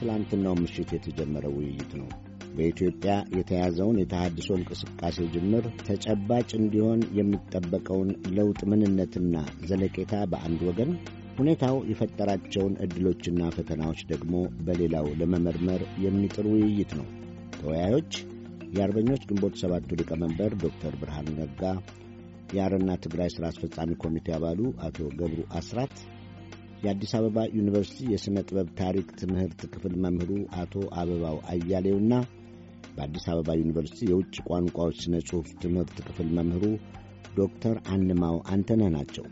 ትላንትናው ምሽት የተጀመረ ውይይት ነው። በኢትዮጵያ የተያዘውን የተሃድሶ እንቅስቃሴ ጅምር ተጨባጭ እንዲሆን የሚጠበቀውን ለውጥ ምንነትና ዘለቄታ በአንድ ወገን፣ ሁኔታው የፈጠራቸውን ዕድሎችና ፈተናዎች ደግሞ በሌላው ለመመርመር የሚጥር ውይይት ነው። ተወያዮች የአርበኞች ግንቦት ሰባቱ ሊቀመንበር ዶክተር ብርሃኑ ነጋ፣ የአረና ትግራይ ሥራ አስፈጻሚ ኮሚቴ አባሉ አቶ ገብሩ አስራት የአዲስ አበባ ዩኒቨርሲቲ የሥነ ጥበብ ታሪክ ትምህርት ክፍል መምህሩ አቶ አበባው አያሌውና በአዲስ አበባ ዩኒቨርሲቲ የውጭ ቋንቋዎች ሥነ ጽሑፍ ትምህርት ክፍል መምህሩ ዶክተር አንማው አንተነህ ናቸው።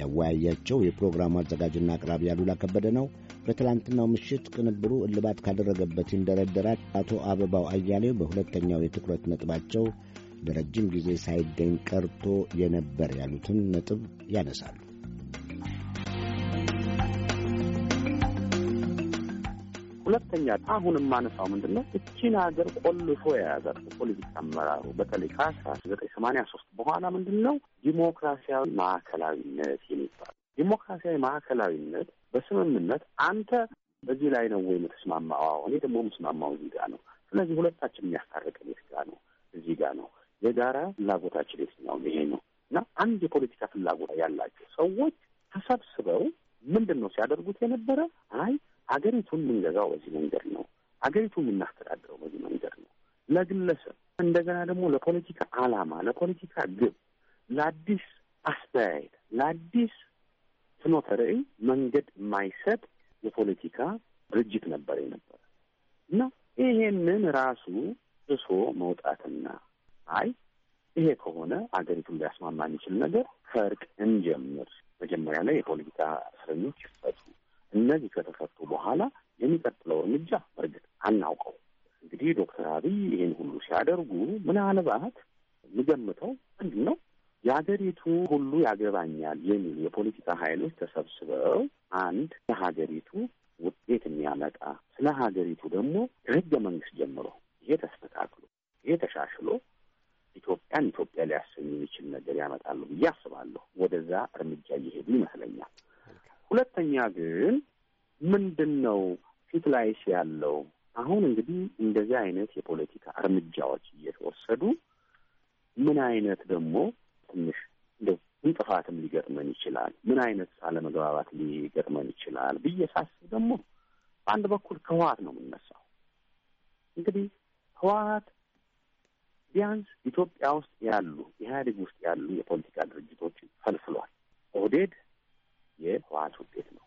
ያወያያቸው የፕሮግራሙ አዘጋጅና አቅራቢ ያሉላ ከበደ ነው። በትላንትናው ምሽት ቅንብሩ እልባት ካደረገበት ይንደረደራል። አቶ አበባው አያሌው በሁለተኛው የትኩረት ነጥባቸው ለረጅም ጊዜ ሳይገኝ ቀርቶ የነበር ያሉትን ነጥብ ያነሳሉ። ሁለተኛ አሁን የማነሳው ምንድን ነው እቺን ሀገር ቆልፎ የያዘ ፖለቲካ አመራሩ በተለይ ከአስራ ዘጠኝ ሰማንያ ሶስት በኋላ ምንድን ነው ዲሞክራሲያዊ ማዕከላዊነት የሚባል ዲሞክራሲያዊ ማዕከላዊነት በስምምነት አንተ በዚህ ላይ ነው ወይ የምትስማማው? እኔ ደግሞ የምስማማው እዚህ ጋር ነው። ስለዚህ ሁለታችን የሚያስታርቀን የት ጋር ነው? እዚህ ጋር ነው። የጋራ ፍላጎታችን የትኛው ይሄ ነው እና አንድ የፖለቲካ ፍላጎት ያላቸው ሰዎች ተሰብስበው ምንድን ነው ሲያደርጉት የነበረ አይ ሀገሪቱን የምንገዛው በዚህ መንገድ ነው። ሀገሪቱ የምናስተዳድረው በዚህ መንገድ ነው። ለግለሰብ እንደገና ደግሞ ለፖለቲካ ዓላማ፣ ለፖለቲካ ግብ፣ ለአዲስ አስተያየት፣ ለአዲስ ፍኖተ ርዕይ መንገድ የማይሰጥ የፖለቲካ ድርጅት ነበር የነበረ እና ይሄንን ራሱ እሶ መውጣትና አይ ይሄ ከሆነ አገሪቱን ሊያስማማ የሚችል ነገር ከእርቅ እንጀምር፣ መጀመሪያ ላይ የፖለቲካ እስረኞች ይፈቱ፣ እነዚህ ከተፈቱ በኋላ የሚቀጥለው እርምጃ እርግጥ አናውቀው። እንግዲህ ዶክተር አብይ ይህን ሁሉ ሲያደርጉ ምናልባት የምገምተው ምንድን ነው የሀገሪቱ ሁሉ ያገባኛል የሚል የፖለቲካ ኃይሎች ተሰብስበው አንድ ለሀገሪቱ ውጤት የሚያመጣ ስለ ሀገሪቱ ደግሞ ከህገ መንግስት ጀምሮ ይሄ ተስተካክሎ ይሄ ተሻሽሎ ኢትዮጵያን ኢትዮጵያ ሊያሰኝ የሚችል ነገር ያመጣሉ ብዬ አስባለሁ። ወደዛ እርምጃ እየሄዱ ይመስለኛል። ሁለተኛ ግን ምንድን ነው ፊት ላይስ ያለው? አሁን እንግዲህ እንደዚህ አይነት የፖለቲካ እርምጃዎች እየተወሰዱ ምን አይነት ደግሞ ትንሽ እንደው እንጥፋትም ሊገጥመን ይችላል፣ ምን አይነት አለመግባባት ሊገጥመን ይችላል ብዬ ሳስብ ደግሞ በአንድ በኩል ከህወሓት ነው የምነሳው። እንግዲህ ህወሓት ቢያንስ ኢትዮጵያ ውስጥ ያሉ ኢህአዴግ ውስጥ ያሉ የፖለቲካ ድርጅቶችን ፈልፍሏል። ኦህዴድ የህወሓት ውጤት ነው።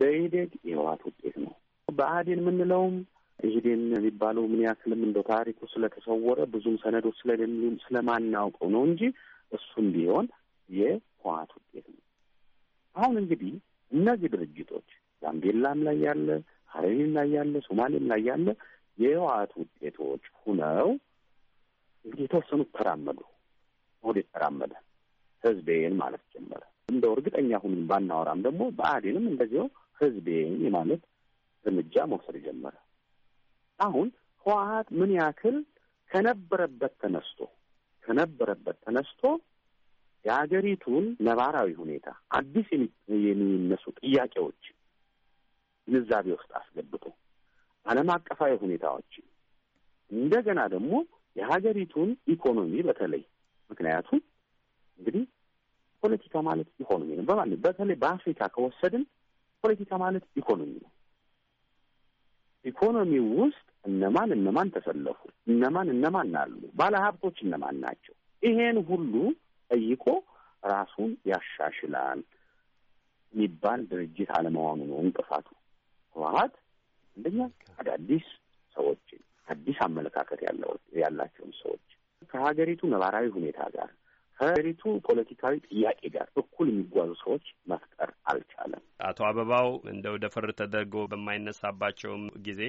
በኢህዴግ የህወሀት ውጤት ነው። በአህዴን የምንለውም ኢህዴን የሚባለው ምን ያክልም እንደው ታሪኩ ስለተሰወረ ብዙም ሰነዶች ስለሌሉም ስለማናውቀው ነው እንጂ እሱም ቢሆን የህወሀት ውጤት ነው። አሁን እንግዲህ እነዚህ ድርጅቶች ጋምቤላም ላይ ያለ፣ ሀረሪም ላይ ያለ፣ ሶማሌም ላይ ያለ የህወሀት ውጤቶች ሁነው እንግዲህ የተወሰኑት ተራመዱ። ወደ ተራመደ ህዝቤን ማለት ጀመረ። እንደው እርግጠኛ ሁኑም ባናወራም ደግሞ በአዴንም እንደዚው ህዝቤ ማለት እርምጃ መውሰድ ጀመረ። አሁን ህወሀት ምን ያክል ከነበረበት ተነስቶ ከነበረበት ተነስቶ የሀገሪቱን ነባራዊ ሁኔታ አዲስ የሚነሱ ጥያቄዎች ግንዛቤ ውስጥ አስገብቶ ዓለም አቀፋዊ ሁኔታዎች እንደገና ደግሞ የሀገሪቱን ኢኮኖሚ በተለይ ምክንያቱም እንግዲህ ፖለቲካ ማለት ኢኮኖሚ ነው። በማለ በተለይ በአፍሪካ ከወሰድን ፖለቲካ ማለት ኢኮኖሚ ነው። ኢኮኖሚ ውስጥ እነማን እነማን ተሰለፉ፣ እነማን እነማን አሉ፣ ባለሀብቶች እነማን ናቸው፣ ይሄን ሁሉ ጠይቆ ራሱን ያሻሽላል የሚባል ድርጅት አለመሆኑ ነው እንቅፋቱ። ህወሀት አንደኛ አዳዲስ ሰዎችን አዲስ አመለካከት ያላቸውን ሰዎች ከሀገሪቱ ነባራዊ ሁኔታ ጋር ከሀገሪቱ ፖለቲካዊ ጥያቄ ጋር እኩል የሚጓዙ ሰዎች መፍጠር አልቻለም። አቶ አበባው እንደው ደፈር ተደርጎ በማይነሳባቸውም ጊዜ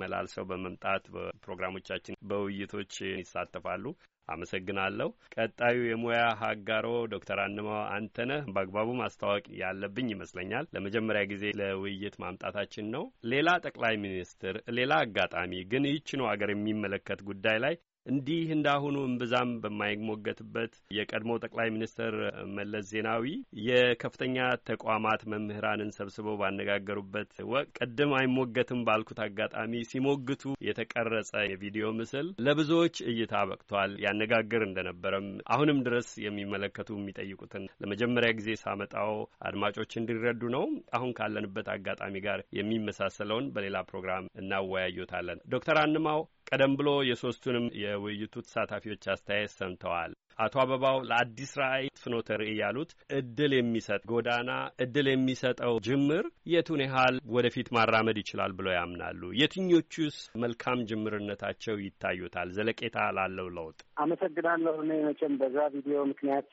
መላልሰው በመምጣት በፕሮግራሞቻችን በውይይቶች ይሳተፋሉ። አመሰግናለሁ። ቀጣዩ የሙያ ሀጋሮ ዶክተር አንማው አንተነህ በአግባቡ ማስታወቅ ያለብኝ ይመስለኛል። ለመጀመሪያ ጊዜ ለውይይት ማምጣታችን ነው። ሌላ ጠቅላይ ሚኒስትር፣ ሌላ አጋጣሚ ግን ይህችኑ አገር የሚመለከት ጉዳይ ላይ እንዲህ እንዳሁኑ እምብዛም በማይሞገትበት የቀድሞ ጠቅላይ ሚኒስትር መለስ ዜናዊ የከፍተኛ ተቋማት መምህራንን ሰብስበው ባነጋገሩበት ወቅት ቅድም አይሞገትም ባልኩት አጋጣሚ ሲሞግቱ የተቀረጸ የቪዲዮ ምስል ለብዙዎች እይታ በቅቷል። ያነጋግር እንደነበረም አሁንም ድረስ የሚመለከቱ የሚጠይቁትን ለመጀመሪያ ጊዜ ሳመጣው አድማጮች እንዲረዱ ነው። አሁን ካለንበት አጋጣሚ ጋር የሚመሳሰለውን በሌላ ፕሮግራም እናወያዩታለን። ዶክተር አንማው ቀደም ብሎ የሶስቱንም የውይይቱ ተሳታፊዎች አስተያየት ሰምተዋል። አቶ አበባው ለአዲስ ራዕይ ፍኖተ ያሉት እድል የሚሰጥ ጎዳና እድል የሚሰጠው ጅምር የቱን ያህል ወደፊት ማራመድ ይችላል ብለው ያምናሉ? የትኞቹስ መልካም ጅምርነታቸው ይታዩታል ዘለቄታ ላለው ለውጥ? አመሰግናለሁ። እኔ መቼም በዛ ቪዲዮ ምክንያት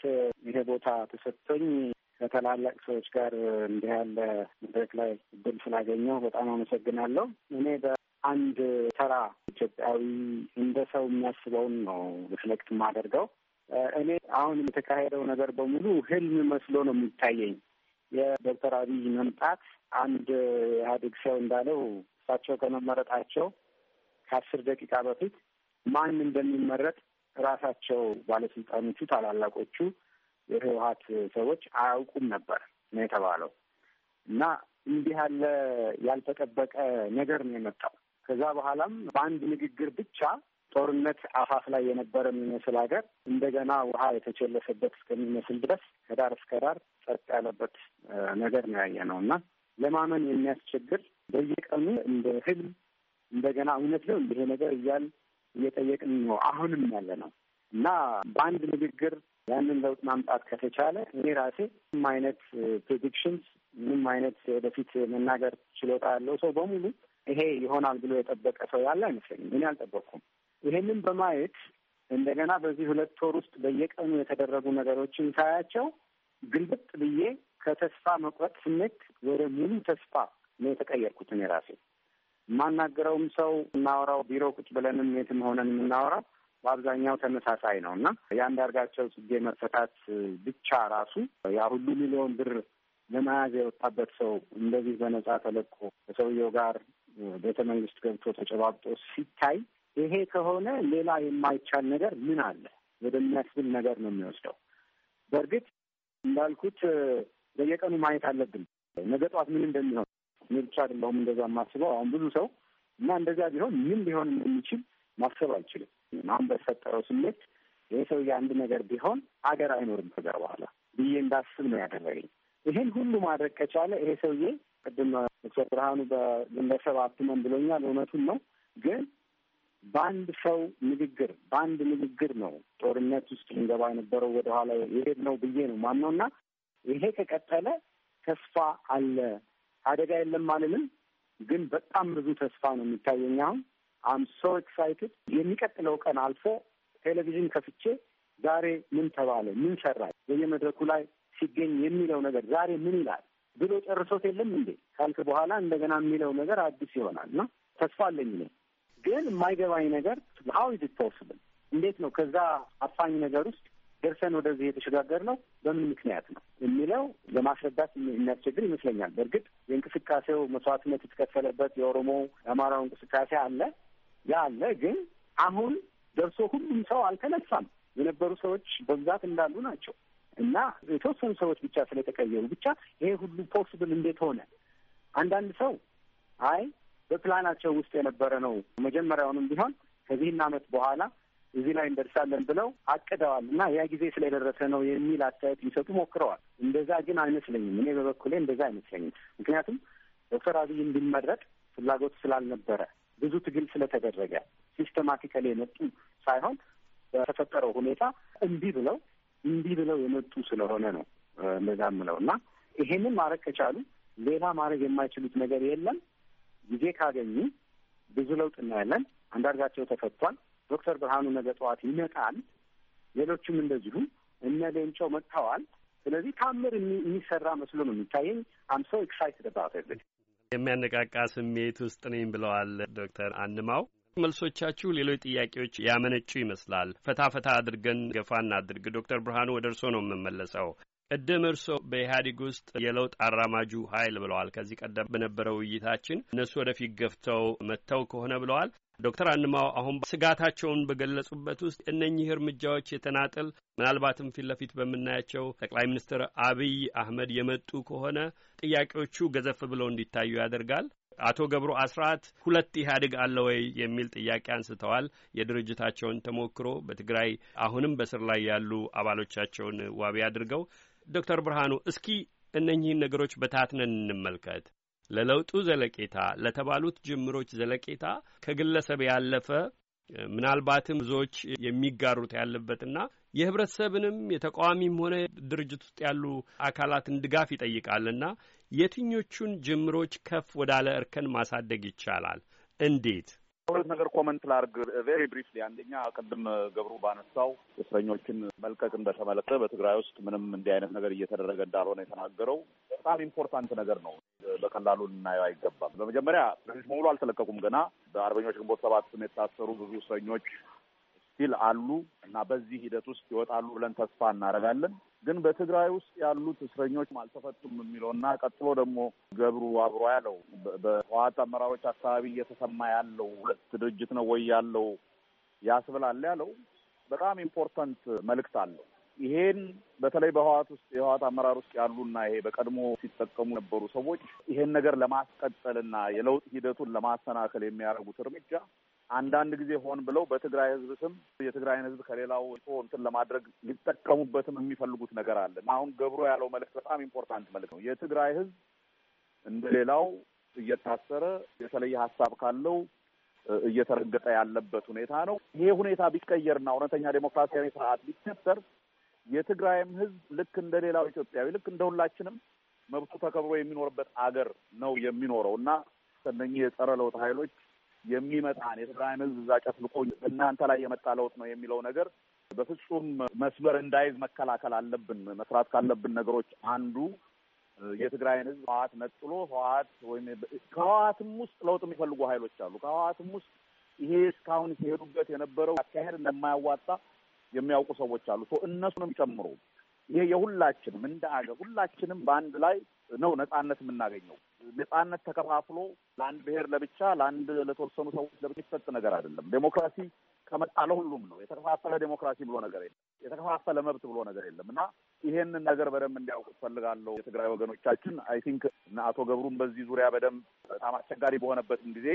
ይሄ ቦታ ተሰጥቶኝ ከታላላቅ ሰዎች ጋር እንዲህ ያለ መድረክ ላይ እድል ስላገኘው በጣም አመሰግናለሁ። እኔ አንድ ተራ ኢትዮጵያዊ እንደ ሰው የሚያስበውን ነው ሪፍሌክት የማደርገው። እኔ አሁን የተካሄደው ነገር በሙሉ ህልም መስሎ ነው የሚታየኝ። የዶክተር አብይ መምጣት አንድ ኢህአዴግ ሰው እንዳለው እሳቸው ከመመረጣቸው ከአስር ደቂቃ በፊት ማን እንደሚመረጥ ራሳቸው ባለስልጣኖቹ ታላላቆቹ የህወሀት ሰዎች አያውቁም ነበር ነው የተባለው እና እንዲህ ያለ ያልተጠበቀ ነገር ነው የመጣው። ከዛ በኋላም በአንድ ንግግር ብቻ ጦርነት አፋፍ ላይ የነበረ የሚመስል ሀገር እንደገና ውሃ የተቸለሰበት እስከሚመስል ድረስ ከዳር እስከ ዳር ጸጥ ያለበት ነገር ነው ያየ ነው እና ለማመን የሚያስቸግር በየቀኑ እንደ ህልም እንደገና እውነት ነው ይሄ ነገር እያል እየጠየቅን ነው አሁንም ያለ ነው እና በአንድ ንግግር ያንን ለውጥ ማምጣት ከተቻለ እኔ ራሴ ምንም አይነት ፕሬዲክሽንስ ምንም አይነት ወደፊት መናገር ችሎታ ያለው ሰው በሙሉ ይሄ ይሆናል ብሎ የጠበቀ ሰው ያለ አይመስለኝም። እኔ አልጠበቅኩም። ይሄንን በማየት እንደገና በዚህ ሁለት ወር ውስጥ በየቀኑ የተደረጉ ነገሮችን ሳያቸው ግልብጥ ብዬ ከተስፋ መቁረጥ ስሜት ወደ ሙሉ ተስፋ ነው የተቀየርኩት። እኔ ራሴ የማናገረውም ሰው እናወራው፣ ቢሮ ቁጭ ብለንም የትም ሆነን የምናወራው በአብዛኛው ተመሳሳይ ነው እና የአንዳርጋቸው ጽጌ መፈታት ብቻ ራሱ ያ ሁሉ ሚሊዮን ብር ለመያዝ የወጣበት ሰው እንደዚህ በነጻ ተለቆ ከሰውየው ጋር ቤተ መንግስት ገብቶ ተጨባብጦ ሲታይ ይሄ ከሆነ ሌላ የማይቻል ነገር ምን አለ ወደሚያስብል ነገር ነው የሚወስደው። በእርግጥ እንዳልኩት በየቀኑ ማየት አለብን ነገ ጠዋት ምን እንደሚሆን። እኔ ብቻ አይደለሁም እንደዛ የማስበው አሁን ብዙ ሰው እና እንደዛ ቢሆን ምን ሊሆን እንደሚችል ማሰብ አልችልም። አሁን በተፈጠረው ስሜት ይህ ሰውዬ አንድ ነገር ቢሆን ሀገር አይኖርም ከዚያ በኋላ ብዬ እንዳስብ ነው ያደረገኝ። ይህን ሁሉ ማድረግ ከቻለ ይሄ ሰውዬ ቅድም ዶክተር ብርሃኑ በግለሰብ አትመን ብሎኛል። እውነቱን ነው። ግን በአንድ ሰው ንግግር በአንድ ንግግር ነው ጦርነት ውስጥ ልንገባ የነበረው ወደኋላ የሄድ ነው ብዬ ነው ማምነው እና ይሄ ከቀጠለ ተስፋ አለ። አደጋ የለም አልልም፣ ግን በጣም ብዙ ተስፋ ነው የሚታየኝ አሁን። አም ሶ ኤክሳይትድ የሚቀጥለው ቀን አልፎ ቴሌቪዥን ከፍቼ ዛሬ ምን ተባለ፣ ምን ሰራ፣ በየመድረኩ ላይ ሲገኝ የሚለው ነገር ዛሬ ምን ይላል ብሎ ጨርሶት የለም እንዴ ካልክ በኋላ እንደገና የሚለው ነገር አዲስ ይሆናል እና ተስፋ አለኝ ነው። ግን የማይገባኝ ነገር ሀው ኢዝ ኢት ፖስብል እንዴት ነው ከዛ አፋኝ ነገር ውስጥ ደርሰን ወደዚህ የተሸጋገር ነው በምን ምክንያት ነው የሚለው ለማስረዳት የሚያስቸግር ይመስለኛል። በእርግጥ የእንቅስቃሴው መስዋዕትነት የተከፈለበት የኦሮሞ የአማራው እንቅስቃሴ አለ ያ አለ። ግን አሁን ደርሶ ሁሉም ሰው አልተነሳም። የነበሩ ሰዎች በብዛት እንዳሉ ናቸው። እና የተወሰኑ ሰዎች ብቻ ስለተቀየሩ ብቻ ይሄ ሁሉ ፖስብል እንዴት ሆነ? አንዳንድ ሰው አይ በፕላናቸው ውስጥ የነበረ ነው መጀመሪያውንም ቢሆን ከዚህን ዓመት በኋላ እዚህ ላይ እንደርሳለን ብለው አቅደዋል እና ያ ጊዜ ስለደረሰ ነው የሚል አስተያየት ሊሰጡ ሞክረዋል። እንደዛ ግን አይመስለኝም። እኔ በበኩሌ እንደዛ አይመስለኝም። ምክንያቱም ዶክተር አብይ እንዲመረጥ ፍላጎት ስላልነበረ ብዙ ትግል ስለተደረገ ሲስተማቲካሊ የመጡ ሳይሆን በተፈጠረው ሁኔታ እምቢ ብለው እንዲህ ብለው የመጡ ስለሆነ ነው እንደዛ ምለው እና ይሄንን ማድረግ ከቻሉ ሌላ ማድረግ የማይችሉት ነገር የለም። ጊዜ ካገኙ ብዙ ለውጥ እናያለን። አንዳርጋቸው ተፈቷል። ዶክተር ብርሃኑ ነገ ጠዋት ይመጣል። ሌሎችም እንደዚሁ እነ ሌንጮ መጥተዋል። ስለዚህ ታምር የሚሰራ መስሎ ነው የሚታየኝ። አም ሰው ኤክሳይትድ አባውት የሚያነቃቃ ስሜት ውስጥ ነኝ ብለዋል ዶክተር አንማው። መልሶቻችሁ ሌሎች ጥያቄዎች ያመነጩ ይመስላል። ፈታ ፈታ አድርገን ገፋ እናድርግ። ዶክተር ብርሃኑ ወደ እርስዎ ነው የምመለሰው። ቅድም እርስዎ በኢህአዴግ ውስጥ የለውጥ አራማጁ ኃይል ብለዋል። ከዚህ ቀደም በነበረው ውይይታችን እነሱ ወደፊት ገፍተው መጥተው ከሆነ ብለዋል። ዶክተር አንማው አሁን ስጋታቸውን በገለጹበት ውስጥ እነኚህ እርምጃዎች የተናጥል ምናልባትም ፊት ለፊት በምናያቸው ጠቅላይ ሚኒስትር አብይ አህመድ የመጡ ከሆነ ጥያቄዎቹ ገዘፍ ብለው እንዲታዩ ያደርጋል። አቶ ገብሩ አስራት ሁለት ኢህአዴግ አለ ወይ የሚል ጥያቄ አንስተዋል። የድርጅታቸውን ተሞክሮ በትግራይ አሁንም በስር ላይ ያሉ አባሎቻቸውን ዋቢ አድርገው ዶክተር ብርሃኑ እስኪ እነኚህን ነገሮች በታትነን እንመልከት። ለለውጡ ዘለቄታ፣ ለተባሉት ጅምሮች ዘለቄታ ከግለሰብ ያለፈ ምናልባትም ብዙዎች የሚጋሩት ያለበትና የህብረተሰብንም የተቃዋሚም ሆነ ድርጅት ውስጥ ያሉ አካላትን ድጋፍ ይጠይቃልና የትኞቹን ጅምሮች ከፍ ወዳለ እርከን ማሳደግ ይቻላል? እንዴት? ሁለት ነገር ኮመንት ላርግ ቬሪ ብሪፍሊ። አንደኛ ቅድም ገብሩ ባነሳው እስረኞችን መልቀቅን በተመለከተ በትግራይ ውስጥ ምንም እንዲህ አይነት ነገር እየተደረገ እንዳልሆነ የተናገረው በጣም ኢምፖርታንት ነገር ነው። በቀላሉ ልናየው አይገባም። በመጀመሪያ እስረኞች በሙሉ አልተለቀቁም። ገና በአርበኞች ግንቦት ሰባት ስም የታሰሩ ብዙ እስረኞች ሲል አሉ እና በዚህ ሂደት ውስጥ ይወጣሉ ብለን ተስፋ እናደርጋለን። ግን በትግራይ ውስጥ ያሉት እስረኞች አልተፈቱም የሚለው እና ቀጥሎ ደግሞ ገብሩ አብሮ ያለው በህወሓት አመራሮች አካባቢ እየተሰማ ያለው ሁለት ድርጅት ነው ወይ ያለው ያስብላል ያለው በጣም ኢምፖርታንት መልእክት አለው። ይሄን በተለይ በህዋት ውስጥ የህዋት አመራር ውስጥ ያሉና ይሄ በቀድሞ ሲጠቀሙ የነበሩ ሰዎች ይሄን ነገር ለማስቀጠልና የለውጥ ሂደቱን ለማሰናከል የሚያደርጉት እርምጃ አንዳንድ ጊዜ ሆን ብለው በትግራይ ህዝብ ስም የትግራይን ህዝብ ከሌላው እንትን ለማድረግ ሊጠቀሙበትም የሚፈልጉት ነገር አለ እና አሁን ገብሮ ያለው መልእክት በጣም ኢምፖርታንት መልዕክት ነው። የትግራይ ህዝብ እንደ ሌላው እየታሰረ የተለየ ሀሳብ ካለው እየተረገጠ ያለበት ሁኔታ ነው። ይሄ ሁኔታ ቢቀየርና እውነተኛ ዴሞክራሲያዊ ስርዓት ቢከተር የትግራይም ህዝብ ልክ እንደ ሌላው ኢትዮጵያዊ ልክ እንደ ሁላችንም መብቱ ተከብሮ የሚኖርበት አገር ነው የሚኖረው እና ከነኚህ የጸረ ለውጥ ኃይሎች የሚመጣን የትግራይን ህዝብ እዛ ጨፍልቆ እናንተ ላይ የመጣ ለውጥ ነው የሚለው ነገር በፍጹም መስበር እንዳይዝ መከላከል አለብን። መስራት ካለብን ነገሮች አንዱ የትግራይን ህዝብ ህዋት ነጥሎ ህወሓት ወይም ከህወሓትም ውስጥ ለውጥ የሚፈልጉ ሀይሎች አሉ። ከህወሓትም ውስጥ ይሄ እስካሁን ሲሄዱበት የነበረው አካሄድ እንደማያዋጣ የሚያውቁ ሰዎች አሉ። እነሱንም ጨምሮ ይሄ የሁላችንም እንደ አገር ሁላችንም በአንድ ላይ ነው ነጻነት የምናገኘው። ነጻነት ተከፋፍሎ ለአንድ ብሔር ለብቻ ለአንድ ለተወሰኑ ሰዎች ለብቻ ነገር አይደለም። ዴሞክራሲ ከመጣ ለሁሉም ነው። የተከፋፈለ ዴሞክራሲ ብሎ ነገር የለም። የተከፋፈለ መብት ብሎ ነገር የለም እና ይሄንን ነገር በደንብ እንዲያውቁት ፈልጋለሁ። የትግራይ ወገኖቻችን አይ ቲንክ እና አቶ ገብሩን በዚህ ዙሪያ በደንብ በጣም አስቸጋሪ በሆነበትም ጊዜ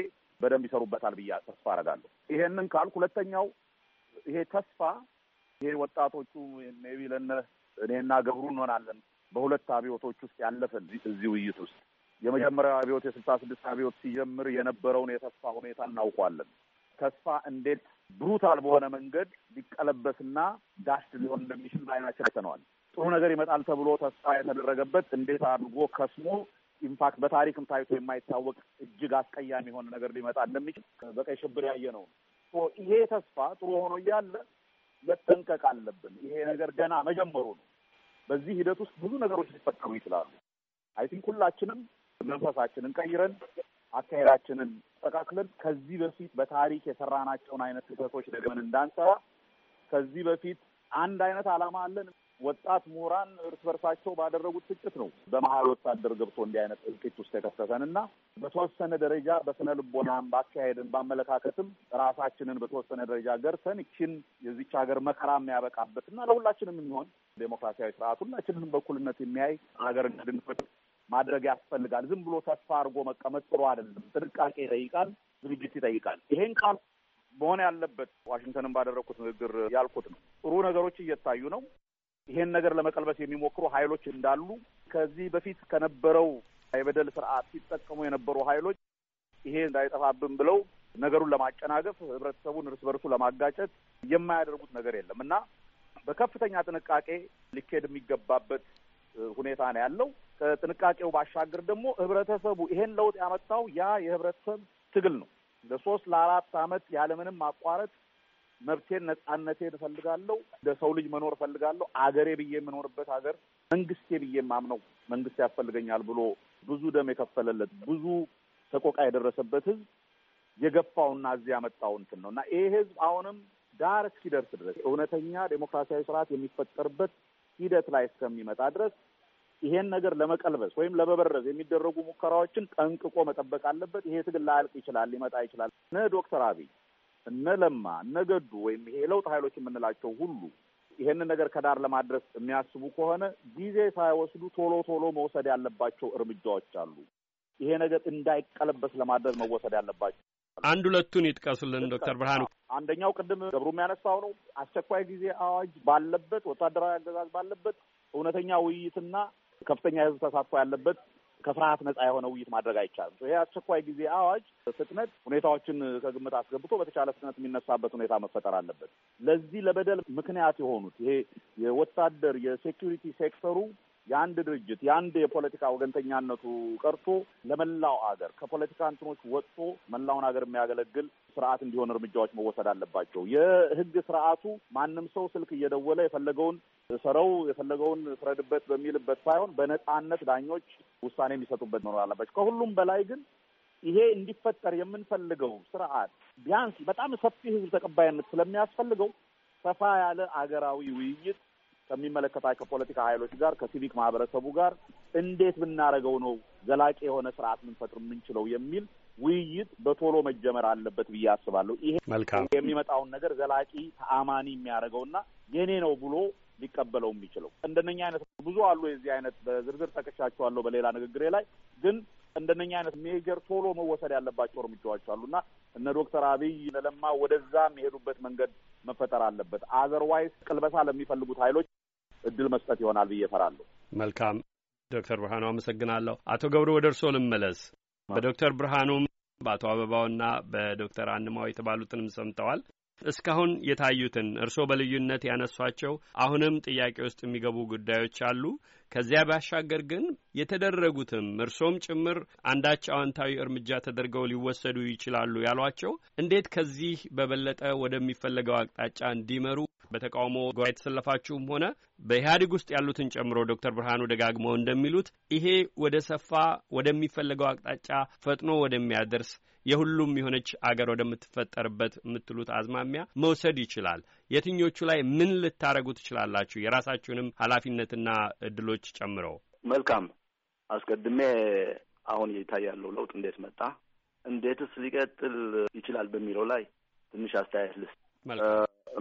በደንብ ይሰሩበታል ብዬ ተስፋ አረጋለሁ። ይሄንን ካል ሁለተኛው ይሄ ተስፋ ይሄ ወጣቶቹ ሜቢ ለነ እኔና ገብሩ እንሆናለን በሁለት አብዮቶች ውስጥ ያለፈን እዚህ ውይይት ውስጥ የመጀመሪያው አብዮት የስልሳ ስድስት አብዮት ሲጀምር የነበረውን የተስፋ ሁኔታ እናውቋለን። ተስፋ እንዴት ብሩታል በሆነ መንገድ ሊቀለበስና ዳሽድ ሊሆን እንደሚችል በዓይናችን አይተነዋል። ጥሩ ነገር ይመጣል ተብሎ ተስፋ የተደረገበት እንዴት አድርጎ ከስሞ ኢንፋክት በታሪክም ታይቶ የማይታወቅ እጅግ አስቀያሚ የሆነ ነገር ሊመጣ እንደሚችል በቀይ ሽብር ያየ ነው። ይሄ ተስፋ ጥሩ ሆኖ እያለ መጠንቀቅ አለብን። ይሄ ነገር ገና መጀመሩ ነው። በዚህ ሂደት ውስጥ ብዙ ነገሮች ሊፈጠሩ ይችላሉ። አይ ቲንክ ሁላችንም መንፈሳችንን ቀይረን አካሄዳችንን ጠቃክለን ከዚህ በፊት በታሪክ የሰራናቸውን አይነት ስህተቶች ደግመን እንዳንሰራ ከዚህ በፊት አንድ አይነት ዓላማ አለን። ወጣት ምሁራን እርስ በርሳቸው ባደረጉት ግጭት ነው በመሀል ወታደር ገብቶ እንዲህ አይነት እልቂት ውስጥ የከተተን እና በተወሰነ ደረጃ በስነ ልቦናም ባካሄድን ባመለካከትም ራሳችንን በተወሰነ ደረጃ ገርተን ይችን የዚች ሀገር መከራ የሚያበቃበት እና ለሁላችንም የሚሆን ዴሞክራሲያዊ ስርዓት ሁላችንንም በኩልነት የሚያይ ሀገር እንድንፈጥር ማድረግ ያስፈልጋል። ዝም ብሎ ተስፋ አድርጎ መቀመጥ ጥሩ አይደለም። ጥንቃቄ ይጠይቃል፣ ዝግጅት ይጠይቃል። ይሄን ቃል መሆን ያለበት ዋሽንግተንን ባደረግኩት ንግግር ያልኩት ነው። ጥሩ ነገሮች እየታዩ ነው። ይሄን ነገር ለመቀልበስ የሚሞክሩ ኃይሎች እንዳሉ ከዚህ በፊት ከነበረው የበደል ስርዓት ሲጠቀሙ የነበሩ ኃይሎች ይሄ እንዳይጠፋብን ብለው ነገሩን ለማጨናገፍ ህብረተሰቡን እርስ በርሱ ለማጋጨት የማያደርጉት ነገር የለም እና በከፍተኛ ጥንቃቄ ሊካሄድ የሚገባበት ሁኔታ ነው ያለው። ከጥንቃቄው ባሻገር ደግሞ ህብረተሰቡ ይሄን ለውጥ ያመጣው ያ የህብረተሰብ ትግል ነው። ለሶስት ለአራት አመት ያለምንም ማቋረጥ መብቴን ነጻነቴን እፈልጋለሁ፣ እንደ ሰው ልጅ መኖር እፈልጋለሁ፣ አገሬ ብዬ የምኖርበት ሀገር መንግስቴ ብዬ የማምነው መንግስት ያስፈልገኛል ብሎ ብዙ ደም የከፈለለት ብዙ ሰቆቃ የደረሰበት ህዝብ የገፋውና እዚህ ያመጣው እንትን ነው እና ይሄ ህዝብ አሁንም ዳር እስኪደርስ ድረስ እውነተኛ ዴሞክራሲያዊ ስርዓት የሚፈጠርበት ሂደት ላይ እስከሚመጣ ድረስ ይሄን ነገር ለመቀልበስ ወይም ለመበረዝ የሚደረጉ ሙከራዎችን ጠንቅቆ መጠበቅ አለበት። ይሄ ትግል ላያልቅ ይችላል፣ ሊመጣ ይችላል። እነ ዶክተር አብይ እነ ለማ እነ ገዱ ወይም ይሄ ለውጥ ኃይሎች የምንላቸው ሁሉ ይሄንን ነገር ከዳር ለማድረስ የሚያስቡ ከሆነ ጊዜ ሳይወስዱ ቶሎ ቶሎ መውሰድ ያለባቸው እርምጃዎች አሉ። ይሄ ነገር እንዳይቀለበስ ለማድረግ መወሰድ ያለባቸው አንድ ሁለቱን ይጥቀሱልን ዶክተር ብርሃኑ። አንደኛው ቅድም ገብሩ የሚያነሳው ነው። አስቸኳይ ጊዜ አዋጅ ባለበት፣ ወታደራዊ አገዛዝ ባለበት እውነተኛ ውይይትና ከፍተኛ የህዝብ ተሳትፎ ያለበት ከፍርሃት ነጻ የሆነ ውይይት ማድረግ አይቻልም። ይሄ አስቸኳይ ጊዜ አዋጅ ፍጥነት ሁኔታዎችን ከግምት አስገብቶ በተቻለ ፍጥነት የሚነሳበት ሁኔታ መፈጠር አለበት። ለዚህ ለበደል ምክንያት የሆኑት ይሄ የወታደር የሴኪሪቲ ሴክተሩ የአንድ ድርጅት የአንድ የፖለቲካ ወገንተኛነቱ ቀርቶ ለመላው አገር ከፖለቲካ እንትኖች ወጥቶ መላውን ሀገር የሚያገለግል ስርዓት እንዲሆን እርምጃዎች መወሰድ አለባቸው። የህግ ስርዓቱ ማንም ሰው ስልክ እየደወለ የፈለገውን ሰረው የፈለገውን ፍረድበት በሚልበት ሳይሆን በነጻነት ዳኞች ውሳኔ የሚሰጡበት መኖር አለባቸው። ከሁሉም በላይ ግን ይሄ እንዲፈጠር የምንፈልገው ስርዓት ቢያንስ በጣም ሰፊ ህዝብ ተቀባይነት ስለሚያስፈልገው ሰፋ ያለ አገራዊ ውይይት ከሚመለከታቸው ፖለቲካ ኃይሎች ጋር ከሲቪክ ማህበረሰቡ ጋር እንዴት ብናደርገው ነው ዘላቂ የሆነ ስርዓት ልንፈጥር የምንችለው የሚል ውይይት በቶሎ መጀመር አለበት ብዬ አስባለሁ። ይሄ የሚመጣውን ነገር ዘላቂ ተአማኒ የሚያደርገውና የኔ ነው ብሎ ሊቀበለው የሚችለው እንደነኛ አይነት ብዙ አሉ። የዚህ አይነት በዝርዝር ጠቅሻቸዋለሁ በሌላ ንግግሬ ላይ ግን እንደነኛ አይነት ሜጀር ቶሎ መወሰድ ያለባቸው እርምጃዎች አሉና እነ ዶክተር አብይ ለለማ ወደዛ የሚሄዱበት መንገድ መፈጠር አለበት። አዘርዋይስ ቅልበሳ ለሚፈልጉት ኃይሎች እድል መስጠት ይሆናል ብዬ እፈራለሁ። መልካም ዶክተር ብርሃኑ አመሰግናለሁ። አቶ ገብሩ ወደ እርስዎ ልመለስ። በዶክተር ብርሃኑም በአቶ አበባውና በዶክተር አንማው የተባሉትንም ሰምተዋል። እስካሁን የታዩትን እርስዎ በልዩነት ያነሷቸው አሁንም ጥያቄ ውስጥ የሚገቡ ጉዳዮች አሉ። ከዚያ ባሻገር ግን የተደረጉትም እርሶም ጭምር አንዳች አዋንታዊ እርምጃ ተደርገው ሊወሰዱ ይችላሉ ያሏቸው እንዴት ከዚህ በበለጠ ወደሚፈለገው አቅጣጫ እንዲመሩ በተቃውሞ ጎራ የተሰለፋችሁም ሆነ በኢህአዴግ ውስጥ ያሉትን ጨምሮ ዶክተር ብርሃኑ ደጋግመው እንደሚሉት ይሄ ወደ ሰፋ ወደሚፈለገው አቅጣጫ ፈጥኖ ወደሚያደርስ የሁሉም የሆነች አገር ወደምትፈጠርበት የምትሉት አዝማሚያ መውሰድ ይችላል። የትኞቹ ላይ ምን ልታደርጉ ትችላላችሁ? የራሳችሁንም ኃላፊነትና እድሎች ጨምረው። መልካም አስቀድሜ አሁን ይታያለው ለውጥ እንዴት መጣ፣ እንዴትስ ሊቀጥል ይችላል በሚለው ላይ ትንሽ አስተያየት ልስ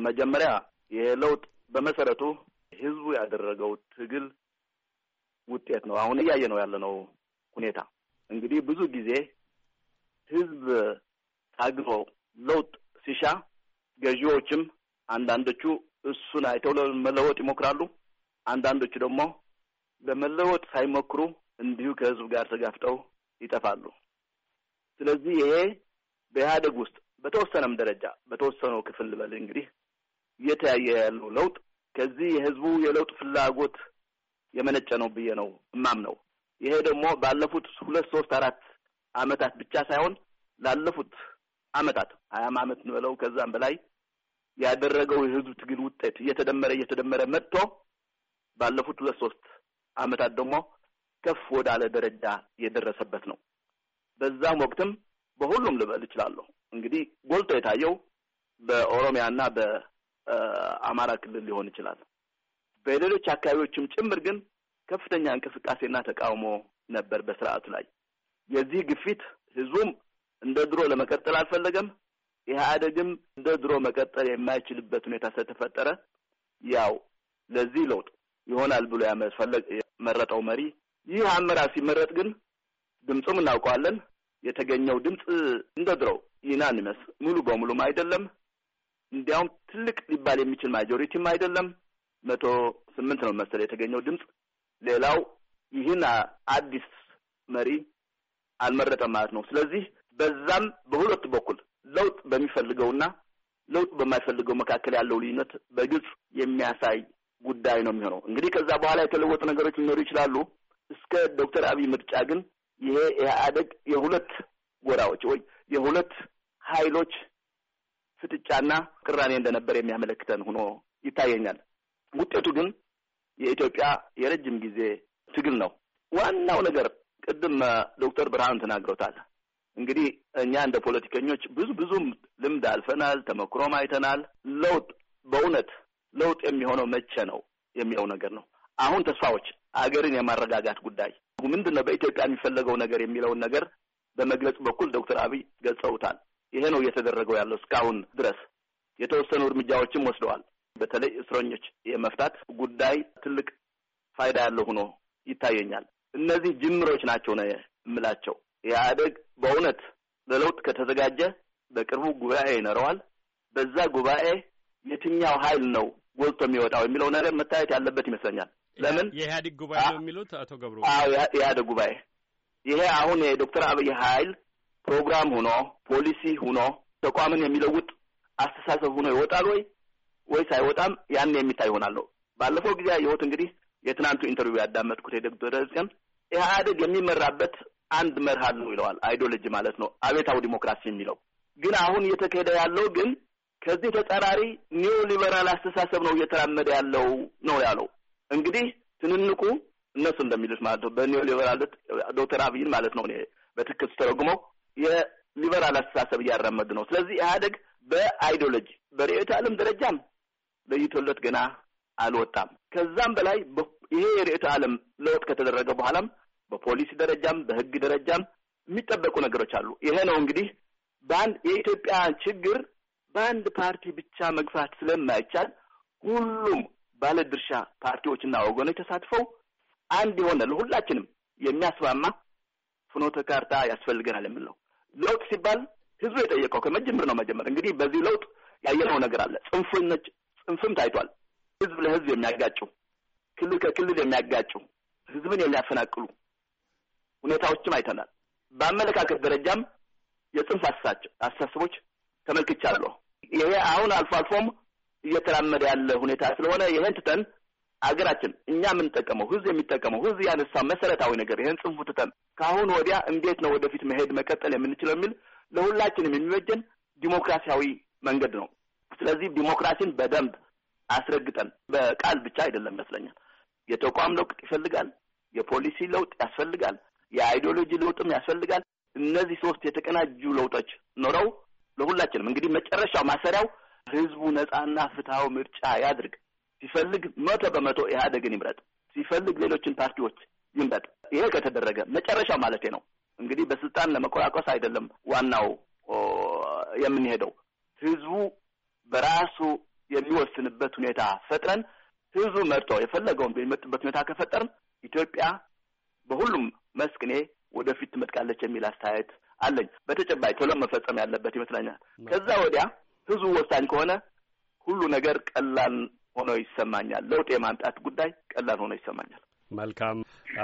መጀመሪያ ይሄ ለውጥ በመሰረቱ ህዝቡ ያደረገው ትግል ውጤት ነው። አሁን እያየ ነው ያለነው ሁኔታ እንግዲህ ብዙ ጊዜ ህዝብ ታግሎ ለውጥ ሲሻ ገዢዎችም አንዳንዶቹ እሱን አይተው ለመለወጥ ይሞክራሉ። አንዳንዶቹ ደግሞ ለመለወጥ ሳይሞክሩ እንዲሁ ከህዝብ ጋር ተጋፍጠው ይጠፋሉ። ስለዚህ ይሄ በኢህአደግ ውስጥ በተወሰነም ደረጃ በተወሰነው ክፍል ልበል እንግዲህ እየተያየ ያለው ለውጥ ከዚህ የህዝቡ የለውጥ ፍላጎት የመነጨ ነው ብዬ ነው እማምነው። ይሄ ደግሞ ባለፉት ሁለት ሶስት አራት አመታት ብቻ ሳይሆን ላለፉት አመታት ሀያም አመት እንበለው ከዛም በላይ ያደረገው የህዝብ ትግል ውጤት እየተደመረ እየተደመረ መጥቶ ባለፉት ሁለት ሶስት አመታት ደግሞ ከፍ ወዳለ ደረጃ የደረሰበት ነው። በዛም ወቅትም በሁሉም ልበል እችላለሁ እንግዲህ ጎልቶ የታየው በኦሮሚያና በአማራ ክልል ሊሆን ይችላል። በሌሎች አካባቢዎችም ጭምር ግን ከፍተኛ እንቅስቃሴና ተቃውሞ ነበር በስርዓቱ ላይ። የዚህ ግፊት ህዝቡም እንደ ድሮ ለመቀጠል አልፈለገም። ኢህአዴግም እንደ ድሮ መቀጠል የማይችልበት ሁኔታ ስለተፈጠረ ያው ለዚህ ለውጥ ይሆናል ብሎ ያመፈለግ የመረጠው መሪ ይህ አመራር ሲመረጥ ግን ድምፁም እናውቀዋለን። የተገኘው ድምፅ እንደ ድሮው ዩናኒመስ ሙሉ በሙሉም አይደለም። እንዲያውም ትልቅ ሊባል የሚችል ማጆሪቲም አይደለም። መቶ ስምንት ነው መሰለ የተገኘው ድምፅ። ሌላው ይህን አዲስ መሪ አልመረጠም ማለት ነው። ስለዚህ በዛም በሁለቱ በኩል ለውጥ በሚፈልገውና ለውጥ በማይፈልገው መካከል ያለው ልዩነት በግልጽ የሚያሳይ ጉዳይ ነው የሚሆነው። እንግዲህ ከዛ በኋላ የተለወጡ ነገሮች ሊኖሩ ይችላሉ። እስከ ዶክተር አብይ ምርጫ ግን ይሄ ኢህአደግ የሁለት ጎራዎች ወይ የሁለት ኃይሎች ፍጥጫና ቅራኔ እንደነበር የሚያመለክተን ሆኖ ይታየኛል። ውጤቱ ግን የኢትዮጵያ የረጅም ጊዜ ትግል ነው። ዋናው ነገር ቅድም ዶክተር ብርሃኑ ተናግረውታል። እንግዲህ እኛ እንደ ፖለቲከኞች ብዙ ብዙም ልምድ አልፈናል፣ ተመክሮም አይተናል። ለውጥ በእውነት ለውጥ የሚሆነው መቼ ነው የሚለው ነገር ነው። አሁን ተስፋዎች አገርን የማረጋጋት ጉዳይ ምንድን ነው በኢትዮጵያ የሚፈለገው ነገር የሚለውን ነገር በመግለጽ በኩል ዶክተር አብይ ገልጸውታል። ይሄ ነው እየተደረገው ያለው እስካሁን ድረስ። የተወሰኑ እርምጃዎችም ወስደዋል። በተለይ እስረኞች የመፍታት ጉዳይ ትልቅ ፋይዳ ያለው ሆኖ ይታየኛል። እነዚህ ጅምሮች ናቸው ነው የምላቸው። ኢህአደግ በእውነት ለለውጥ ከተዘጋጀ በቅርቡ ጉባኤ ይኖረዋል። በዛ ጉባኤ የትኛው ኃይል ነው ጎልቶ የሚወጣው የሚለው ነገር መታየት ያለበት ይመስለኛል። ለምን የኢህአዴግ ጉባኤ ነው የሚሉት አቶ ገብሩ? አዎ የኢህአዴግ ጉባኤ ይሄ አሁን የዶክተር አብይ ኃይል ፕሮግራም ሆኖ ፖሊሲ ሆኖ ተቋምን የሚለውጥ አስተሳሰብ ሆኖ ይወጣል ወይ ወይስ አይወጣም? ያን የሚታይ ይሆናል። ባለፈው ጊዜ ያየሁት እንግዲህ የትናንቱ ኢንተርቪው ያዳመጥኩት የዶክተር ደብረጽዮን ኢህአዴግ የሚመራበት አንድ መርህ አለው ይለዋል። አይዲዮሎጂ ማለት ነው አቤታዊ ዲሞክራሲ የሚለው ግን አሁን እየተካሄደ ያለው ግን ከዚህ ተጻራሪ ኒዮ ሊበራል አስተሳሰብ ነው እየተራመደ ያለው ነው ያለው። እንግዲህ ትንንቁ እነሱ እንደሚሉት ማለት ነው በኒዮ ሊበራል ዶክተር አብይን ማለት ነው እኔ በትክክል ስተረጉመው የሊበራል አስተሳሰብ እያራመድ ነው። ስለዚህ ኢህአደግ በአይዲዮሎጂ በርዕዮተ ዓለም ደረጃም ለይቶለት ገና አልወጣም። ከዛም በላይ ይሄ የርዕዮተ ዓለም ለውጥ ከተደረገ በኋላም በፖሊሲ ደረጃም በህግ ደረጃም የሚጠበቁ ነገሮች አሉ። ይሄ ነው እንግዲህ በአንድ የኢትዮጵያ ችግር በአንድ ፓርቲ ብቻ መግፋት ስለማይቻል ሁሉም ባለድርሻ ፓርቲዎችና ወገኖች ተሳትፈው አንድ የሆነ ለሁላችንም የሚያስማማ ፍኖተ ካርታ ያስፈልገናል የምንለው ለውጥ ሲባል ህዝቡ የጠየቀው ከመጀመር ነው። መጀመር እንግዲህ በዚህ ለውጥ ያየነው ነገር አለ። ጽንፍነች ጽንፍም ታይቷል። ህዝብ ለህዝብ የሚያጋጩ ክልል ከክልል የሚያጋጩ ህዝብን የሚያፈናቅሉ ሁኔታዎችም አይተናል። በአመለካከት ደረጃም የጽንፍ አሳቸው አስተሳሰቦች ተመልክቻለሁ። ይሄ አሁን አልፎ አልፎም እየተራመደ ያለ ሁኔታ ስለሆነ ይሄን ትተን አገራችን እኛ የምንጠቀመው ህዝብ የሚጠቀመው ህዝብ ያነሳ መሰረታዊ ነገር ይህን ጽንፉ ትተን ከአሁን ወዲያ እንዴት ነው ወደፊት መሄድ መቀጠል የምንችለው የሚል ለሁላችንም የሚበጀን ዲሞክራሲያዊ መንገድ ነው። ስለዚህ ዲሞክራሲን በደንብ አስረግጠን በቃል ብቻ አይደለም ይመስለኛል። የተቋም ለውጥ ይፈልጋል። የፖሊሲ ለውጥ ያስፈልጋል። የአይዲዮሎጂ ለውጥም ያስፈልጋል። እነዚህ ሶስት የተቀናጁ ለውጦች ኖረው ለሁላችንም እንግዲህ መጨረሻው ማሰሪያው ህዝቡ ነጻና ፍትሐዊ ምርጫ ያድርግ። ሲፈልግ መቶ በመቶ ኢህአደግን ይምረጥ፣ ሲፈልግ ሌሎችን ፓርቲዎች ይምረጥ። ይሄ ከተደረገ መጨረሻው ማለቴ ነው እንግዲህ በስልጣን ለመቆራቆስ አይደለም ዋናው የምንሄደው ህዝቡ በራሱ የሚወስንበት ሁኔታ ፈጥረን ህዝቡ መርጦ የፈለገውን የሚመጥበት ሁኔታ ከፈጠርን ኢትዮጵያ በሁሉም መስቅኔ ወደፊት ትመጥቃለች የሚል አስተያየት አለኝ። በተጨባጭ ቶሎ መፈጸም ያለበት ይመስለኛል። ከዛ ወዲያ ህዝቡ ወሳኝ ከሆነ ሁሉ ነገር ቀላል ሆኖ ይሰማኛል። ለውጥ የማምጣት ጉዳይ ቀላል ሆኖ ይሰማኛል። መልካም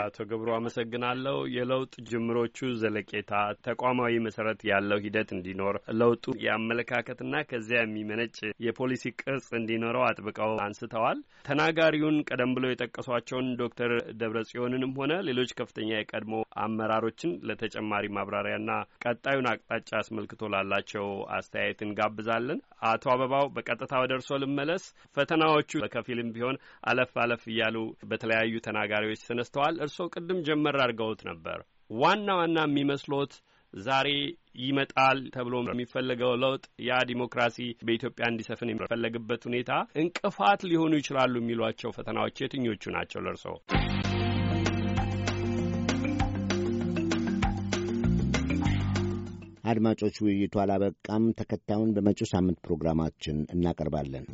አቶ ገብሩ አመሰግናለሁ። የለውጥ ጅምሮቹ ዘለቄታ ተቋማዊ መሰረት ያለው ሂደት እንዲኖር ለውጡ የአመለካከትና ከዚያ የሚመነጭ የፖሊሲ ቅርጽ እንዲኖረው አጥብቀው አንስተዋል። ተናጋሪውን ቀደም ብለው የጠቀሷቸውን ዶክተር ደብረጽዮንንም ሆነ ሌሎች ከፍተኛ የቀድሞ አመራሮችን ለተጨማሪ ማብራሪያና ቀጣዩን አቅጣጫ አስመልክቶ ላላቸው አስተያየት እንጋብዛለን። አቶ አበባው በቀጥታ ወደ እርሶ ልመለስ። ፈተናዎቹ በከፊልም ቢሆን አለፍ አለፍ እያሉ በተለያዩ ተናጋሪዎች ተነስተዋል። ይመስለዋል። እርስዎ ቅድም ጀመር አድርገውት ነበር። ዋና ዋና የሚመስሎት ዛሬ ይመጣል ተብሎ የሚፈለገው ለውጥ ያ ዲሞክራሲ በኢትዮጵያ እንዲሰፍን የሚፈለግበት ሁኔታ እንቅፋት ሊሆኑ ይችላሉ የሚሏቸው ፈተናዎች የትኞቹ ናቸው ለእርስዎ? አድማጮች፣ ውይይቱ አላበቃም። ተከታዩን በመጪው ሳምንት ፕሮግራማችን እናቀርባለን።